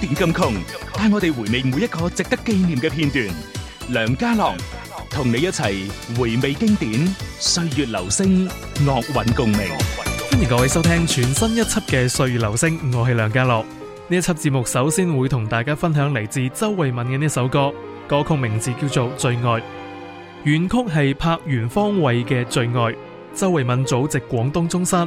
點咁窮？帶我哋回味每一個值得紀念嘅片段。梁家樂同你一齊回味經典歲月留聲，樂韻共鳴。歡迎各位收聽全新一輯嘅《歲月留聲》，我係梁家樂。呢一輯節目首先會同大家分享嚟自周慧敏嘅呢首歌，歌曲名字叫做《最愛》，原曲係柏原芳惠嘅《最愛》，周慧敏祖籍廣東中山。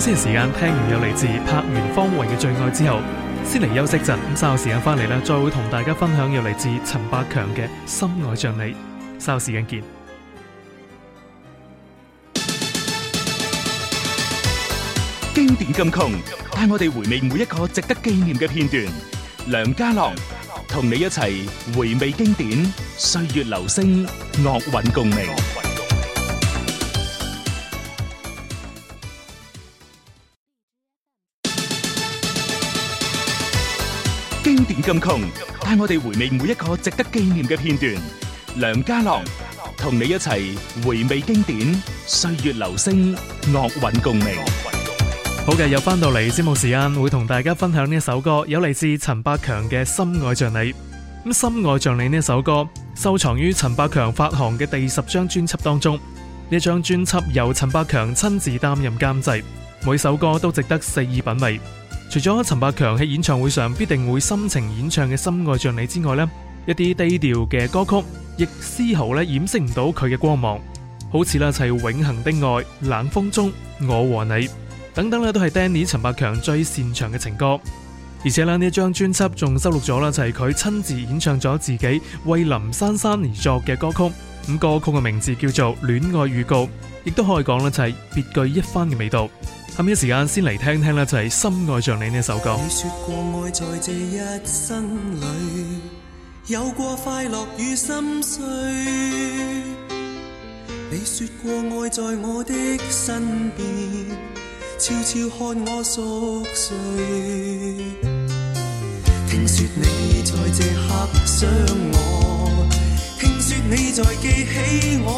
休息時間聽完又嚟自柏原芳惠嘅最愛之後，先嚟休息陣。咁稍後時間翻嚟啦，再會同大家分享又嚟自陳百強嘅深愛着你。稍後時間見，經典金曲帶我哋回味每一個值得紀念嘅片段。梁家朗同你一齊回味經典，歲月留聲，樂韻共鳴。點咁窮？帶我哋回味每一個值得紀念嘅片段。梁家朗同你一齊回味經典歲月留聲，樂韻共鳴。好嘅，又翻到嚟節目時間，會同大家分享呢首歌，有嚟自陳百強嘅《深愛著你》。咁《深愛著你》呢首歌，收藏於陳百強發行嘅第十張專輯當中。呢張專輯由陳百強親自擔任監製，每首歌都值得細意品味。除咗陳百強喺演唱會上必定會深情演唱嘅《深愛着你》之外呢，一啲低調嘅歌曲亦絲毫咧掩飾唔到佢嘅光芒，好似就係、是《永恆的愛》《冷風中》《我和你》等等咧，都係 Danny 陳百強最擅長嘅情歌。而且咧，呢一張專輯仲收錄咗啦，就係佢親自演唱咗自己為林珊珊而作嘅歌曲，咁歌曲嘅名字叫做《戀愛預告》。亦都可以講咧，就係別具一番嘅味道。下面一時間先嚟聽聽咧，就係《深愛上你》呢一首歌。你説過愛在這一生裏，有過快樂與心碎。你説過愛在我的身邊，悄悄看我熟睡。聽説你在這刻想我，聽説你在記起我。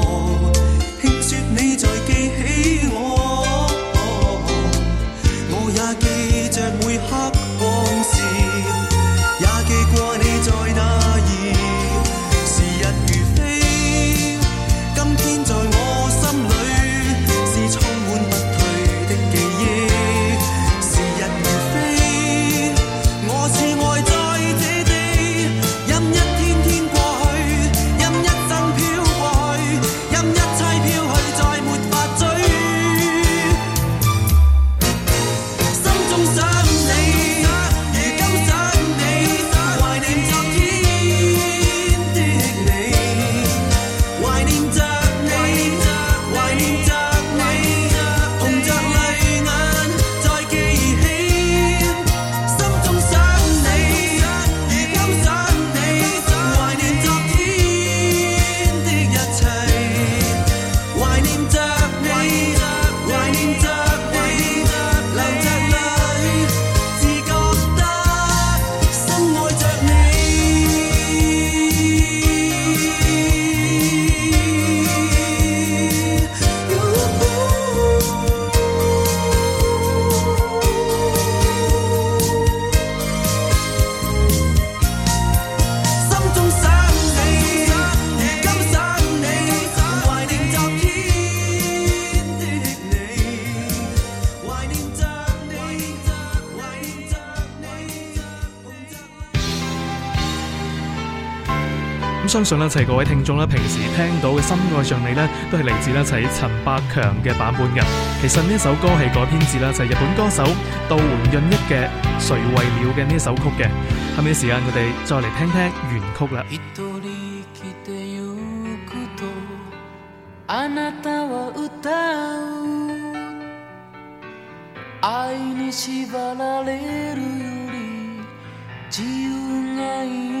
相信呢，就係各位聽眾呢，平時聽到嘅《心愛上你》呢，都係嚟自呢就係陳百強嘅版本嘅。其實呢一首歌係改編自呢就係日本歌手渡辺潤一嘅《誰為了》嘅呢一首曲嘅。後尾嘅時間，我哋再嚟聽聽原曲啦。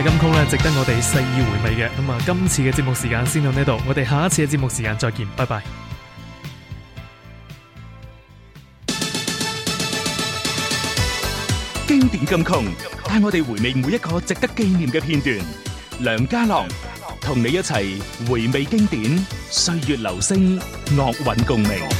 嘅金曲咧，值得我哋細意回味嘅。咁、嗯、啊，今次嘅節目時間先到呢度，我哋下一次嘅節目時間再見，拜拜。經典金曲帶我哋回味每一個值得紀念嘅片段。梁家樂同你一齊回味經典，歲月留聲，樂韻共鳴。